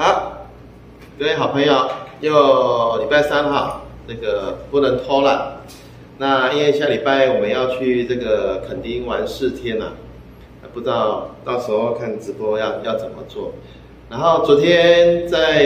好，各位好朋友，又禮拜三哈，那個不能偷懶。那因為下禮拜我們要去這個墾丁玩四天啊，不知道到時候看直播要要怎麼做。然後昨天在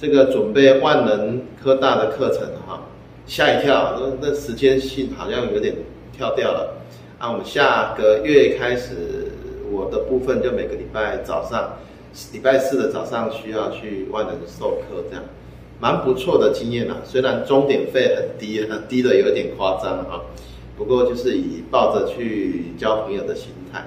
這個準備萬能科大的課程哈、啊，嚇一跳，那那時間線好像有點跳掉了。啊，我們下個月開始，我的部分就每個禮拜早上。禮拜四的早上需要去萬能授課，這樣蠻不錯的經驗啦、啊。雖然鐘點費很低，很低的有點誇張啊。不過就是以抱着去交朋友的心態。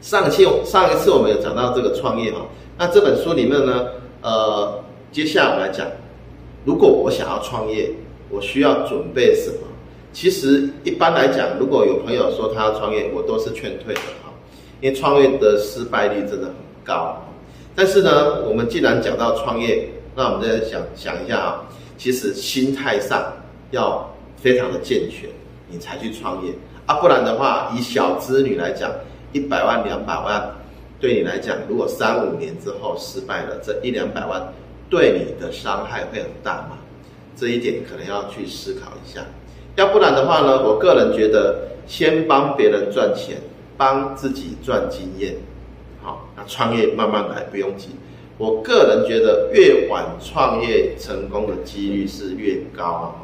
上期上一次我們有講到這個創業哈、啊，那這本書裡面呢，呃，接下來來講，如果我想要創業，我需要準備什麼？其實一般來講，如果有朋友說他要創業，我都是勸退的哈，因為創業的失敗率真的很。高，但是呢，我們既然講到創業，那我們再想想一下啊，其實心態上要非常的健全，你才去創業啊，不然的話，以小資女來講，一百萬兩百萬，對你來講，如果三五年之後失敗了，這一兩百萬對你的傷害會很大嗎？這一點可能要去思考一下，要不然的話呢，我個人覺得，先幫別人賺錢，幫自己賺經驗。創業慢慢來，不用急。我個人覺得，越晚創業成功的幾率是越高啊。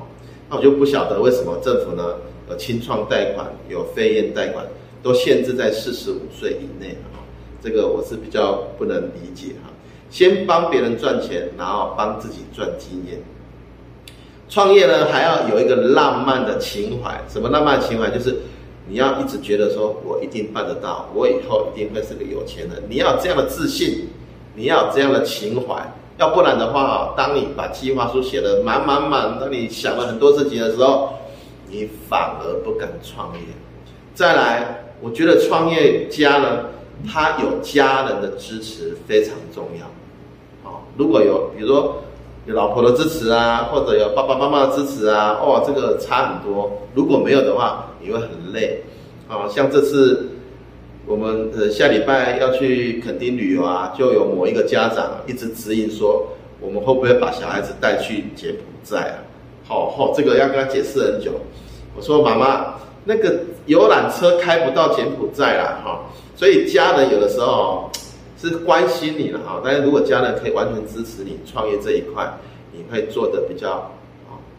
那我就不曉得為什麼政府呢，有青創貸款，有飛雁貸款，都限制在四十五歲以內啊。這個我是比較不能理解哈。先幫別人賺錢，然後幫自己賺經驗。創業呢，還要有一個浪漫的情懷。什麼浪漫的情懷？就是。你要一直覺得說，我一定辦得到，我以後一定會是個有錢人。你要這樣的自信，你要這樣的情懷，要不然的話，當你把計劃書寫得滿滿滿，當你想了很多事情的時候，你反而不敢創業。再來，我覺得創業家呢，他有家人的支持非常重要。哦，如果有，比如說。有老婆的支持啊，或者有爸爸媽媽的支持啊，哦，這個差很多。如果沒有的話，你會很累。啊、哦，像這次我們呃下禮拜要去墾丁旅遊啊，就有某一個家長一直指引說，我們會不會把小孩子帶去柬埔寨啊？好、哦、好、哦，這個要跟他解釋很久。我說媽媽，那個遊覽車開不到柬埔寨啊。哦，哈，所以家人有的時候。是關心你了哈，但是如果家人可以完全支持你創業這一塊，你會做得比較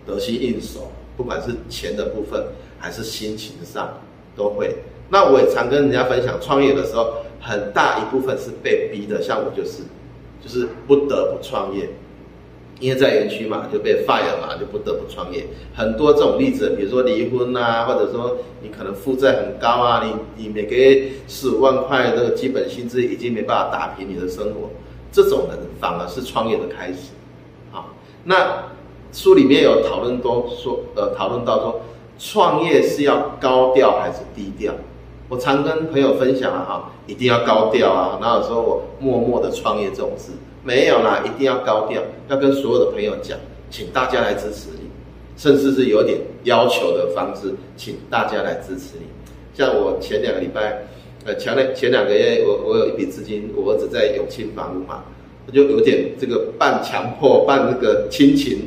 得心應手，不管是錢的部分還是心情上都會。那我也常跟人家分享，創業的時候很大一部分是被逼的，像我就是，就是不得不創業。因為在園區嘛，就被 fire 嘛，就不得不創業。很多這種例子，比如說離婚啊，或者說你可能負債很高啊，你你每個月四五萬塊的這個基本薪資已經沒辦法打平你的生活，這種人反而是創業的開始啊。那書裡面有討論多說呃，討論到說創業是要高調還是低調？我常跟朋友分享啊，一定要高調啊，哪有時候我默默的創業這種事。沒有啦，一定要高調，要跟所有的朋友講，請大家來支持你，甚至是有點要求的房子，請大家來支持你。像我前兩個禮拜，呃，前兩前兩個月我，我我有一筆資金，我兒子在永慶房屋嘛，我就有點這個半強迫半那個親情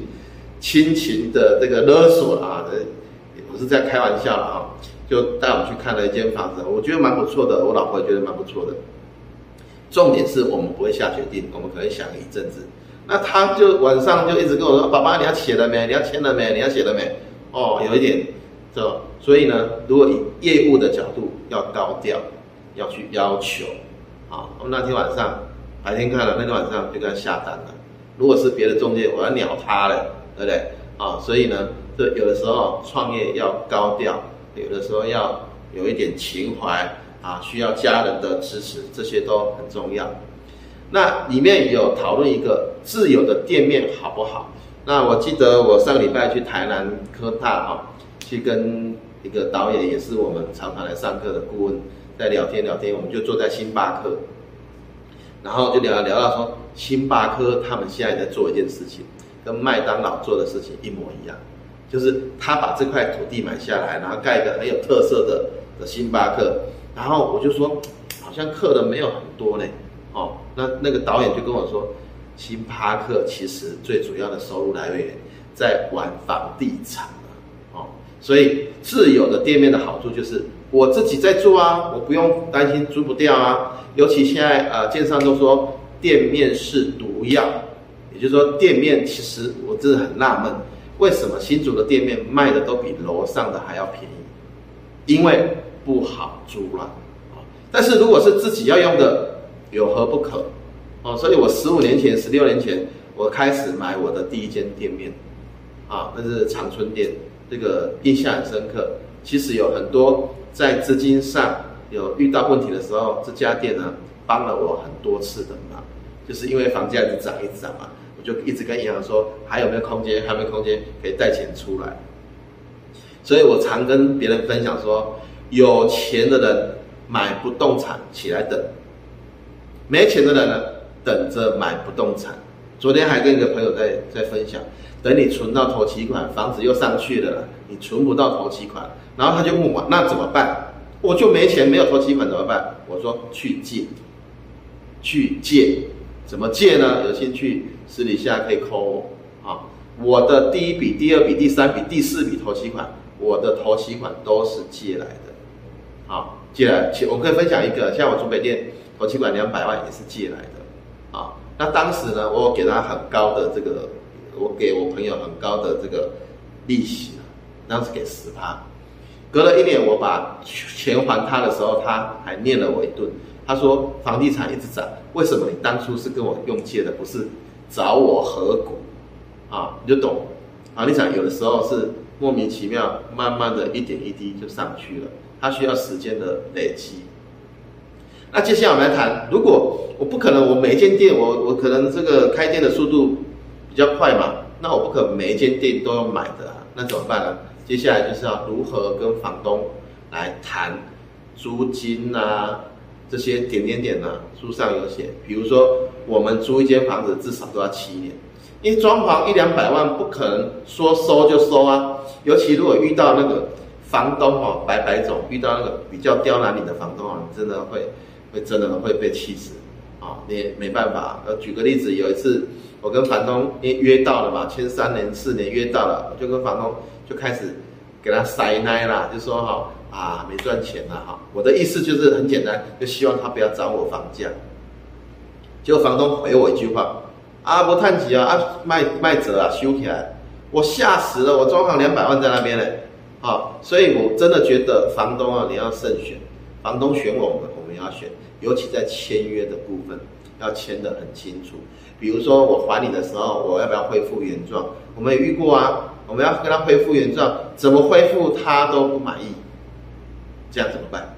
親情的這個勒索啊，也不是在開玩笑啊，就帶我去看了一間房子，我覺得蠻不錯的，我老婆也覺得蠻不錯的。重點是我們不會下決定，我們可能想一陣子，那他就晚上就一直跟我說：“爸爸，你要寫了沒？你要簽了沒？你要寫了沒？”哦，有一點，所以呢，如果以業務的角度要高調，要去要求，好，那天晚上白天看了，那天晚上就跟他下單了。如果是別的中介，我要鳥他了，對不對？啊、哦，所以呢，對，有的時候創業要高調，有的時候要有一點情懷。啊，需要家人的支持，這些都很重要。那裡面有討論一個自有的店面好不好？那我記得我上禮拜去台南科大哈，去跟一個導演，也是我們常常來上課的顧問，在聊天聊天，我們就坐在星巴克，然後就聊聊到說，星巴克他們現在在做一件事情，跟麥當勞做的事情一模一樣，就是他把這塊土地買下來，然後蓋一個很有特色的星巴克。然後我就說，好像客的沒有很多嘞。哦，那那個導演就跟我說，星巴克其實最主要的收入來源在玩房地產哦，所以自有的店面的好處就是我自己在做啊，我不用擔心租不掉啊。尤其現在呃，電商都說店面是毒藥，也就是說店面其實我真的很納悶，為什麼新竹的店面賣的都比樓上的還要便宜？因為。不好租了，但是如果是自己要用的，有何不可哦？所以，我十五年前、十六年前，我開始買我的第一間店面啊，那是長春店，這個印象很深刻。其實有很多在資金上有遇到問題的時候，這家店呢幫了我很多次的忙。就是因為房價一直漲一直漲嘛，我就一直跟銀行說還有沒有空間，還有沒有空間可以貸錢出來。所以我常跟別人分享說，有錢的人買不動產起來等，沒錢的人呢等着買不動產。昨天還跟一個朋友在在分享，等你存到頭期款，房子又上去了，你存不到頭期款，然後他就問我，那怎麼辦？我就沒錢沒有頭期款怎麼辦？我說去借，去借，怎麼借呢？有興趣私底下可以 call 我啊。我的第一筆、第二筆、第三筆、第四筆頭期款。我的頭期款都是借來的好，好借來，我可以分享一個。像我中北店頭期款兩百萬也是借來的，啊，那當時呢，我給他很高的這個，我給我朋友很高的這個利息，當時給十趴，隔了一年，我把錢還他的時候，他還念了我一頓，他說房地產一直漲，為什麼你當初是跟我用借的，不是找我合股，啊，你就懂，房地產有的時候是。莫名其妙，慢慢的一點一滴就上去了，它需要時間的累積。那接下來我們來談，如果我不可能我一，我每間店我我可能這個開店的速度比較快嘛，那我不可能每一間店都要買的啊，那怎麼辦呢、啊？接下來就是要如何跟房東來談租金啊這些點點點呢、啊？書上有寫，比如說我們租一間房子至少都要七年。因為裝潢一兩百萬不可能說收就收啊，尤其如果遇到那個房東哦，百百種遇到那個比較刁難你的房東哦，你真的會會真的會被氣死啊！你也沒辦法。呃，舉個例子，有一次我跟房東因為約到了嘛，簽三年四年約到了，我就跟房東就開始給他塞奶啦，就說哈、哦、啊沒賺錢了、啊、哈、哦，我的意思就是很簡單，就希望他不要漲我房價。結果房東回我一句話。阿伯探氣啊，阿賣賣者啊，修起來，我嚇死了！我裝潢兩百萬在那邊嘞、哦，所以我真的覺得房東啊，你要慎選。房東選我們，我們要選，尤其在簽約的部分，要簽得很清楚。比如說我還你的時候，我要不要恢復原狀。我們遇過啊，我們要跟他恢復原狀，怎麼恢復他都不滿意，這樣怎麼辦？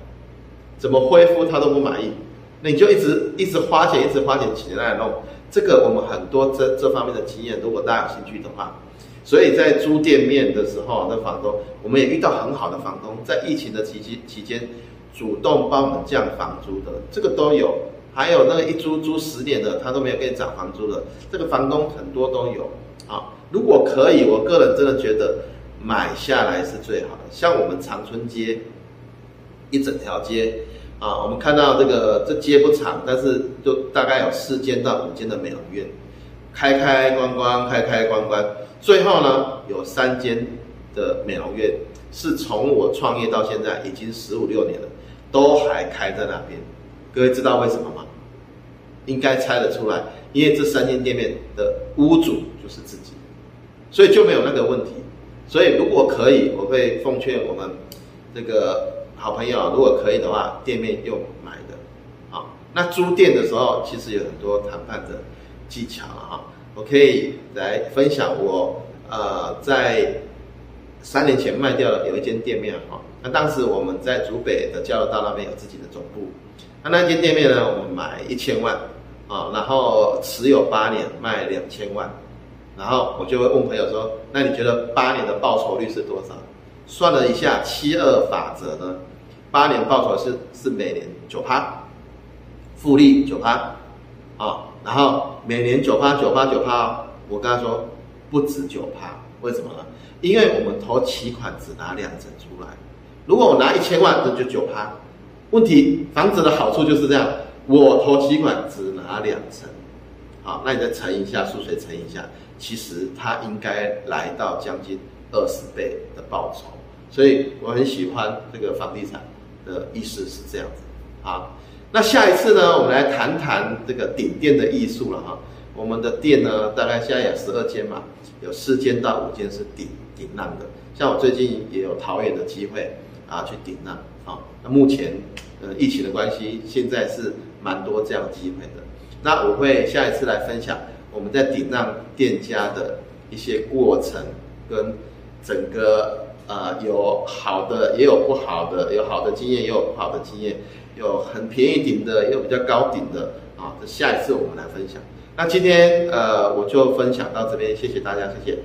怎麼恢復他都不滿意，那你就一直一直花錢，一直花錢，幾年來弄。這個我們很多這這方面的經驗，如果大家有興趣的話，所以在租店面的時候，那房東我們也遇到很好的房東，在疫情的期間期間，主動幫我們降房租的，這個都有；還有那個一租租十年的，他都沒有給你漲房租的，這個房東很多都有。啊，如果可以，我個人真的覺得買下來是最好的。像我們長春街一整條街。啊，我們看到這個這街不長，但是就大概有四間到五間的美容院，開開關關，開開關關，最後呢有三間的美容院是從我創業到現在已經十五六年了，都還開在那邊。各位知道為什麼嗎？應該猜得出來，因為這三間店面的屋主就是自己，所以就沒有那個問題。所以如果可以，我會奉勸我們這個。好朋友，啊，如果可以的話，店面用買的，啊，那租店的時候，其實有很多談判的技巧了哈。我可以來分享我呃在三年前賣掉了有一間店面哈。那當時我們在竹北的交流道那邊有自己的總部，那那間店面呢，我們買一千萬，啊，然後持有八年，賣兩千萬，然後我就會問朋友說，那你覺得八年的報酬率是多少？算了一下七二法則呢，八年報酬是是每年九趴，複利九趴啊，然後每年九趴、九趴、九趴，我剛才說不止九趴，為什麼呢？因為我們頭期款只拿兩成出來，如果我拿一千萬那就九趴，問題房子的好處就是這樣，我頭期款只拿兩成，好，哦，那你再乘一下，縮水乘一下，其實它應該來到將近。二十倍的報酬，所以我很喜歡這個房地產的，意思是這樣子啊。那下一次呢，我們來談談這個頂店的藝術了哈。我們的店呢，大概現在有十二間嘛，有四間到五間是頂頂讓的。像我最近也有桃園的機會啊，去頂讓啊。那目前呃疫情的關係，現在是蠻多這樣機會的。那我會下一次來分享我們在頂讓店家的一些過程跟。整個呃有好的也有不好的，有好的經驗也有不好的經驗，有很便宜頂的也有比較高頂的啊，這下一次我們來分享。那今天呃我就分享到這邊，謝謝大家，謝謝。